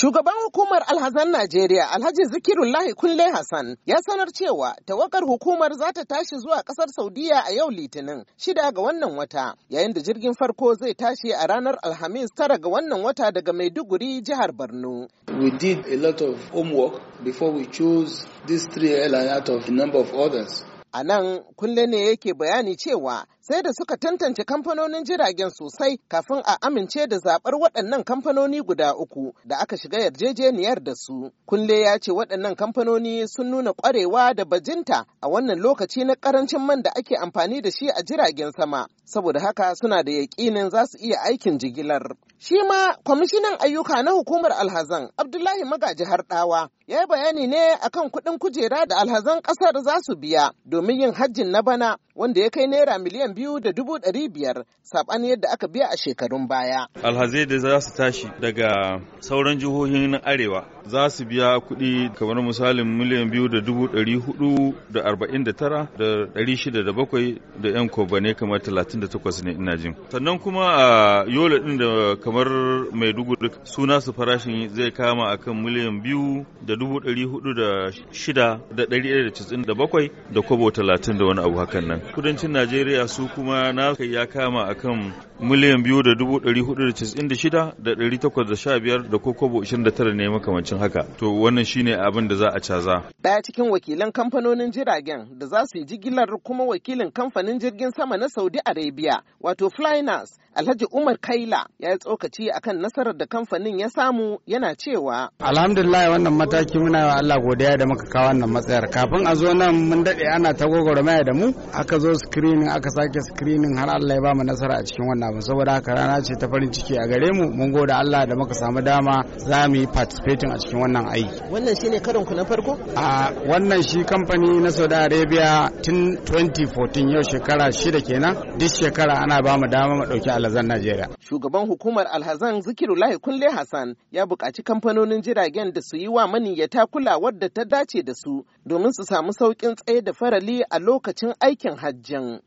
Shugaban hukumar alhazan Najeriya Alhaji Zikirullahi Kunle Hassan ya sanar cewa tawagar hukumar za ta tashi zuwa kasar Saudiya a yau Litinin shida ga wannan wata yayin da jirgin farko zai tashi a ranar Alhamis tara ga wannan wata daga Maiduguri jihar Borno. We did a lot of homework before we chose these three airlines out of a number of others. A nan kulle ne yake bayani cewa sai da suka tantance kamfanonin jiragen sosai kafin a amince da zaɓar waɗannan kamfanoni guda uku da aka shiga yarjejeniyar da su. Kulle ya ce waɗannan kamfanoni sun nuna ƙwarewa da bajinta a wannan lokaci na ƙarancin man da ake amfani da shi a jiragen sama. Saboda haka suna da yaƙinin za su iya aikin jigilar. Shi ma kwamishinan ayyuka na hukumar alhazan Abdullahi Magaji Harɗawa ya yi bayani ne akan kuɗin kujera da alhazan ƙasar za su biya. domin yin hajjin na bana wanda ya kai naira miliyan biyu da dubu ɗari biyar saɓani yadda aka biya a shekarun baya. Alhazai da za su tashi daga sauran jihohin na arewa za su biya kuɗi kamar misalin miliyan biyu da dubu ɗari hudu da arba'in da tara da ɗari shida da bakwai da yan kobane kamar talatin da takwas ne ina jin. Sannan kuma a yola ɗin da kamar maiduguri suna su farashin zai kama akan miliyan biyu da dubu ɗari hudu da shida da ɗari ɗaya da da bakwai da kobo talatin da wani abu hakan nan kudancin najeriya su kuma na ya kama akan miliyan biyu da dubu ɗari hudu da casa'in da shida da ɗari takwas da sha biyar da ko kobo ishirin da tara ne makamancin haka to wannan shine abin da za a caza. ɗaya cikin wakilan kamfanonin jiragen da za su yi jigilar kuma wakilin kamfanin jirgin sama na saudi arabia wato Flyners alhaji umar kaila ya yi tsokaci akan nasarar da kamfanin ya samu yana cewa alhamdulillah wannan mataki muna wa allah godiya da muka kawo wannan matsayar kafin a zo nan mun daɗe ana ta maya da mu aka zo screening aka sake screening har allah ya ba mu nasara a cikin wannan nasara saboda haka rana ce ta farin ciki a gare mu mun gode Allah da muka samu dama za mu yi participating a cikin wannan aiki wannan shine karin ku na farko a wannan shi kamfani na Saudi Arabia tun 2014 yau shekara shida kenan duk shekara ana ba mu dama mu dauki alhazan Najeriya shugaban hukumar alhazan Zikirullahi Kunle Hassan ya buƙaci kamfanonin jiragen da su yi wa maniyyata kulawar da ta dace da su domin su samu sauƙin tsaye da farali a lokacin aikin hajjin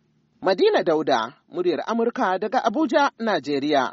Madina Dauda, muryar Amurka daga Abuja, Najeriya.